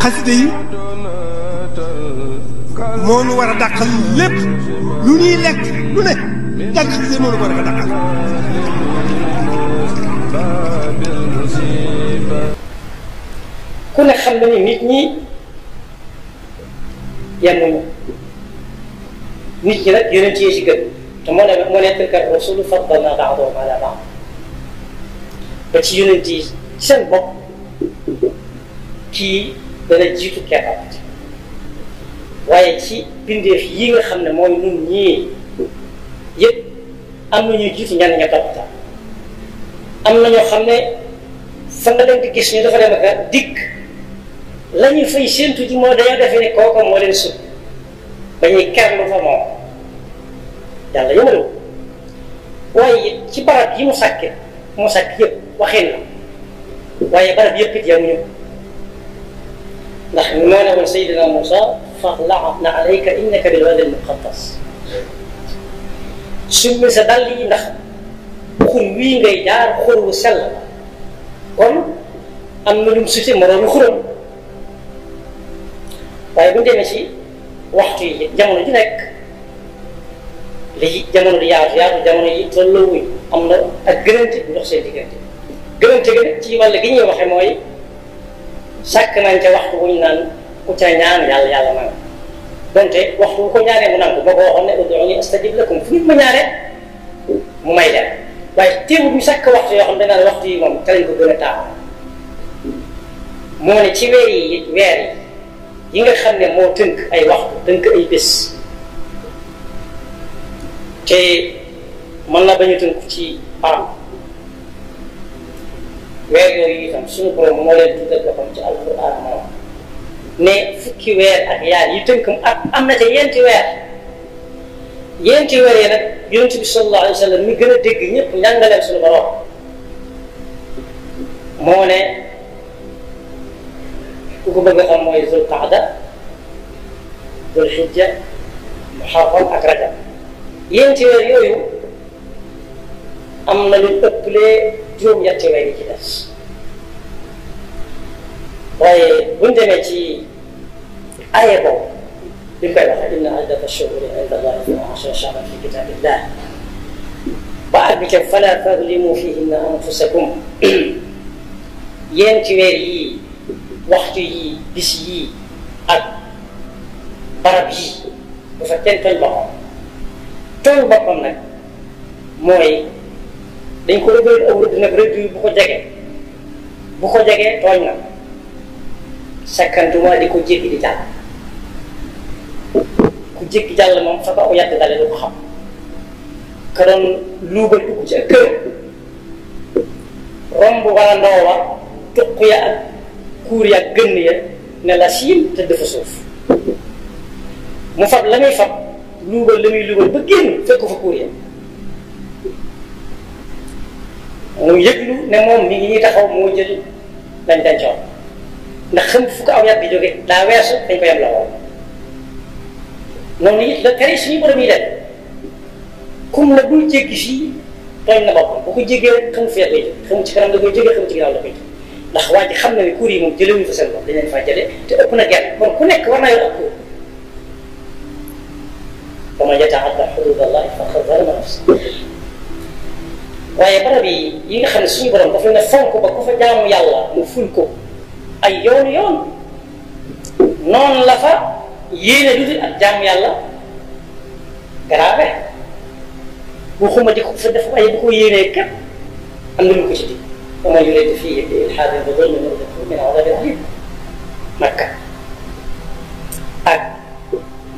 xasida yi moo nu war a dàqal lépp lu ñuy lekk lu ne jàng xasida yi moo nu war a dàqal. ku ne xam nañu nit ñi yenn nit ñi nag yonent yi ci gën te moo ne moo ne tilka rusulu faddalna ba'dahum ala ba'd ba ci yonent yi seen bopp kii. dana jiitu keppam waaye ci bindeef yi nga xam ne moom ñun ñii yëpp am na ñuy jiitu ñan ña toppatoo am na ñoo xam ne fa nga leen di gis ñu dafa dem ak dikk la ñuy fay séentu ji moo dañoo defee ne kooku moo leen sut ba ñuy kerlu fa moom yàlla yëngaloo waaye it ci barab yi mu sàkke mu sàkk yëpp waxin la waaye barab yëpp it yamuñu نحن ما له سيدنا موسى فاطلعنا عليك انك بالواد المقدس ثم سدلي نخ خل وين غي دار خل وسل قم ام نلم سيت مرن خر واي طيب، بنت ماشي وقت جامو دي نك لي جامو دي يا يا جامو دي تلوي امنا اغرنتي نخ سي ديغنتي غرنتي غي تي مال غي ني واخي موي sàkk nañ ca waxtu ñu naan ku ca ñaan yàlla yàlla naan donte waxtu bu ko ñaanee mu nangu ma ko waxoon ne ud'uuni astajib lakum fu nit ma ñaanee mu may sàkk waxtu yoo xam ne waxtu yi moom te lañ ko gën a taamu moo ne ci weer yi weer yi yi nga xam ne moo tënk ay waxtu tënk ay bés te mën na bañu tënk ci param weer yooyu itam suñu borom moo leen tuddal boppam ci alquran ne fukki weer ak yaar yi tënkam ak am na ca yenti weer yenti weer yi nag yonent bi sallallahu alayhi wa sallam mi gën a dégg ñëpp njàngaleen suñu borom moo ne ku ko bëgg a zul qaada zul xijja muharram ak rajab yenti weer yooyu am na lu juróom-ñetti weer yi ci des waaye buñ demee ci aye boobu li koy wax inna iddata shuhuri inda allahi isnaa ashara shahran fi kitaabillah ba ak bi tam fala tadlimu fihinna anfusakum yéen ci weer yii waxtu yii bis yii ak barab yii bu fa kenn tooñ boppam tooñ boppam nag mooy dañ ko rëgë ëpp rëdd nag rëdd bu ko jege bu ko jege tooñ na sakkantuma di ko jéggi di jàll ku jéggi jàll moom fa ko yàgg dalee lu ko xam ka doon luuba dugg ci ak kër romb wala ndoo wa tuq ya ak kuur ya gënn ya ne la siin te dafa suuf mu fab la muy fab luubal la muy luubal ba génn fekk fa kuur ya mu yëglu ne moom mi ngi nii taxaw moo jël lañ dencoon ndax xam fu ko aw yàgg jóge daa weesu dañ ko yem la woon noonu it la tere suñu borom yi def kum la bul jéggi fii tooñ na boppam bu ko jéggee xamu fi lay jóg xamu ci kanam la koy jógee xamu ci ginnaaw la koy jóg ndax waa ji xam na ne kuur yi moom jëlewuñu fa seen bopp dañ leen faa jëlee te ëpp na genn kon ku nekk war naa yor ak kuur wa man yataadda xuduud allah faqad zalama nafsa waaye barab yi yi nga xam ne suñu borom dafa ne fonk ba ku fa jaamu yàlla mu ful ko ay yoonu yoon noonu la fa yéene dudul ak jaamu yàlla grave waxuma di ko fa def waaye bu ko yéenee képp am na lu ko ci di wa man yurid fiihi bi ilhaadin bi zulmin nuذiqhu min adhabin aliim Makka ak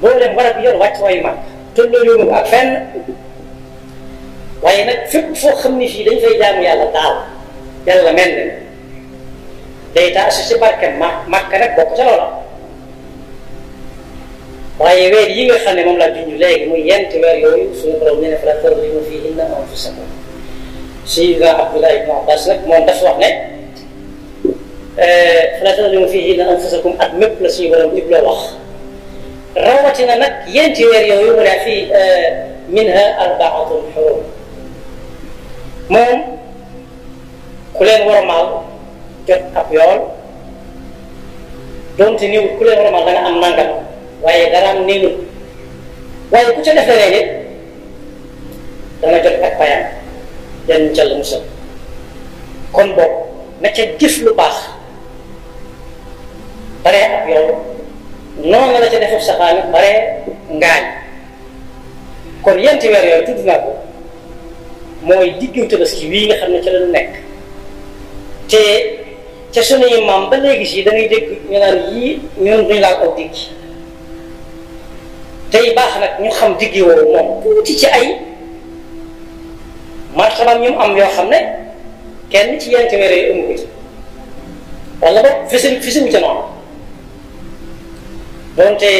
boo leen barab yor wàcc waayu Makka tolloo yoonu ak fenn waaye nag fépp foo xam ne fii dañ fay jaamu yàlla daal yàlla mel na day taasu ci barke ma màkka nag bokk ca loola waaye weer yi nga xam ne moom laa junj léegi muy yenti weer yooyu suñu borom ñu ne fa la tarlimu fii inna anfusakum Sayyidina Abdullah ibn Abbas nag moom dafa wax ne fa la tarlimu fii inna anfusakum at mépp la suñu borom jubloo wax rawatina nag yenti weer yooyu mu ne fii minha arbaatun xurum moom ku leen warmaal jot ab yool doonte néew ku leen warmaal da nga am nangam waaye dara am néew waaye ku ca def leneen nit dana jot ak payam yan jàll musal kon boog na ca jëf lu baax baree ab yool noonu la ca defub saxaani baree ngaañ kon yenti weer yooyu tudd naa ko mooy diggam tabaski wii nga xam ne ca la nekk te ca sunuy maam ba léegi si da dégg ñu naan yii ñun duñu laal aw digg tey baax nag ñu xam digg woowu moom tuuti ci ay martabaam ñu am yoo xam ne kenn ci yenn téeméer yi amu ko ci wala ba fësal fësal ca noonu donte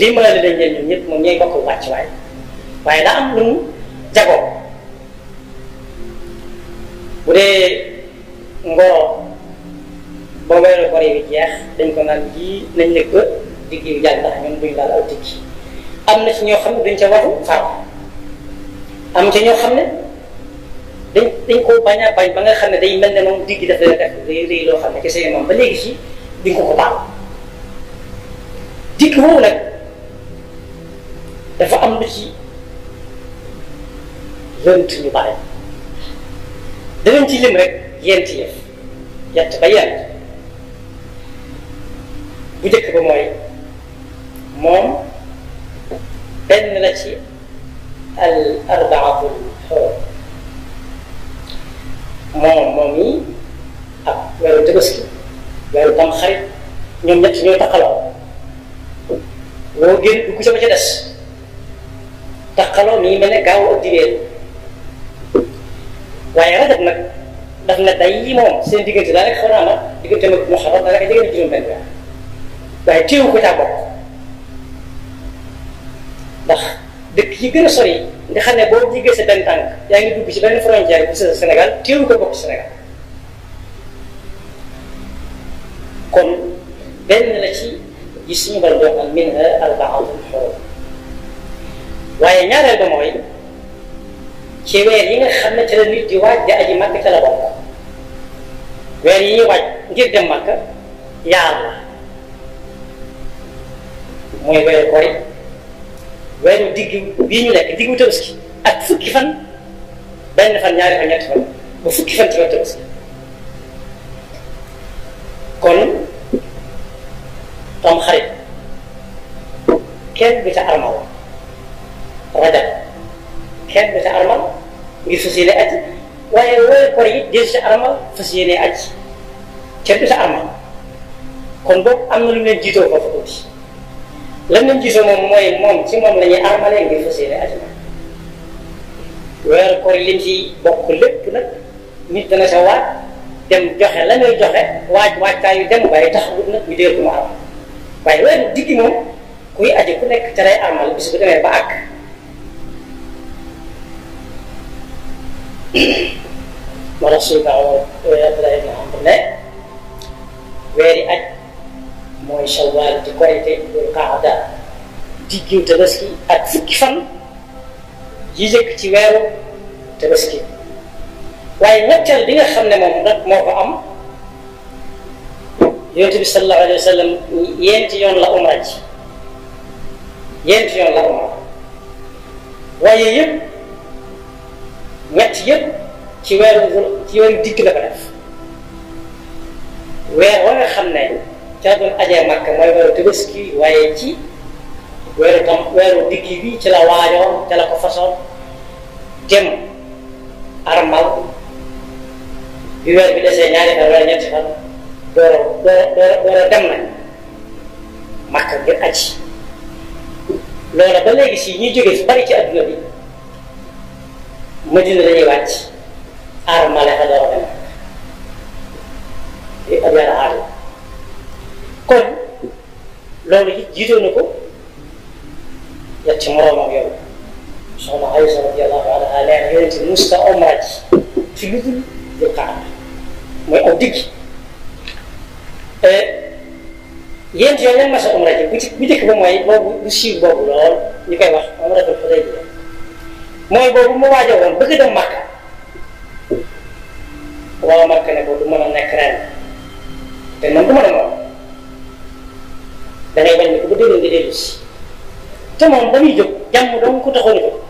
limaale lañ leen ñun ñëpp moom ñooy bokk wàcc waaye waaye daa am lu mu jago bu dee ngoro ba weeru koor bi jeex dañ ko naan ji nañ nekk ba digg yu jàng ndax ñun duñ laal aw digg am na ci ñoo xam ne duñ ca watu faatu ñoo xam ne dañ dañ koo bañ a ba nga xam ne day mel ne moom digg daf leen def rëy rëy loo xam ne ci seen moom ba léegi ci duñ ko ko baal digg woowu nag dafa am lu ci lënt ñu bare danañ ci lim rek yent yëf yett ba bu njëkk ba mooy moom benn la ci al arbaatul xool moom moom yi ak weeru tabaski weeru tam xarit ñoom ñett ñooy taqaloo loo génn dugg sama ca des taqaloo mi ngi ne gaaw ak diwéer waaye rajab nag daf na day moom seen diggante daa rek xanaa ma diggante nag muharram daa rek diggante juróom benn waaye téewu ko caa bopp ndax dëkk yi gën a sori nga xam ne boo jigee yaa ngi dugg ci benn frontière bi sa Sénégal téewu ko bokk Sénégal kon benn la ci yi suñu bal doon al minha arbaatun xurum waaye ñaareel ba mooy ci weer yi nga xam ne ci la nit di waaj di aji màkk ca la bokk weer yi ñuy waaj ngir dem màkk yaar la mooy weeru kori weeru digg bii ñu nekk diggu tabaski ak fukki fan benn fan ñaari fan ñetti fan ba fukki fan ci weeru tabaski kon tam xarit kenn bi ca armal rajab kenn bi ca armal ngir fas yéene aji waaye wóor koor yi des sa armal fas yéene aji kenn du sa armal kon boobu am na lu leen jiitoo foofu tuuti lan leen jiitoo moom mooy moom ci moom lañuy ñuy armalee ngir fas yéene aji ma weer koor yi liñ ci bokk lépp nag nit dana sa waat dem joxe la ngay joxe waaj waajtaay yu dem waaye taxawut nag ñu dégg mu aram waaye weer digg moom kuy aji ku nekk te lay armal bis bu demee ba àgg Rasul Daud Abdullah ibn Abdullah weeri aj mooy shawal di korité dul qaada diggiw tabaski ak fukki fan yi jëkk ci weeru tabaski waaye ñetteel bi nga xam ne moom nag moo ko am yonent bi sallallahu alayhi wa sallam yenti yoon la umra ji yenti yoon la umra waaye yëpp metti yépp ci weer ci weer yu dikk la ko def weer wa nga xam ne ca doon ajee màkk mooy weeru tëbëski waaye ci weeru tam weeru digg bi ci la waajoon ca la ko fasoon jëm armal bi weer bi desee ñaari fan wala ñetti fan door a door a door a dem nañ màkk ngir aji loola ba léegi si ñu jóge bari ci adduna bi मजिन रे watch are माले हदा रे ए अदर हाल कोन लोल ही जीतो नको या चमरो मा गयो सोला हाय सो दिया ला बाद आले ये जि मुस्ता उमरच चिलुदुल जो का मै अदिक ए yen jëlën ma sa umra ci bu ci bu ci ko moy bu ci bu lool ñu kay wax umra ko mooy boobu mu waaj woon bëgg dem Makka waaw Makka ne ko du mën a nekk ren te man du ma demoon da ngay bañ ne ko ba déwén nga dellu si te moom ba muy jóg jàmm dong ko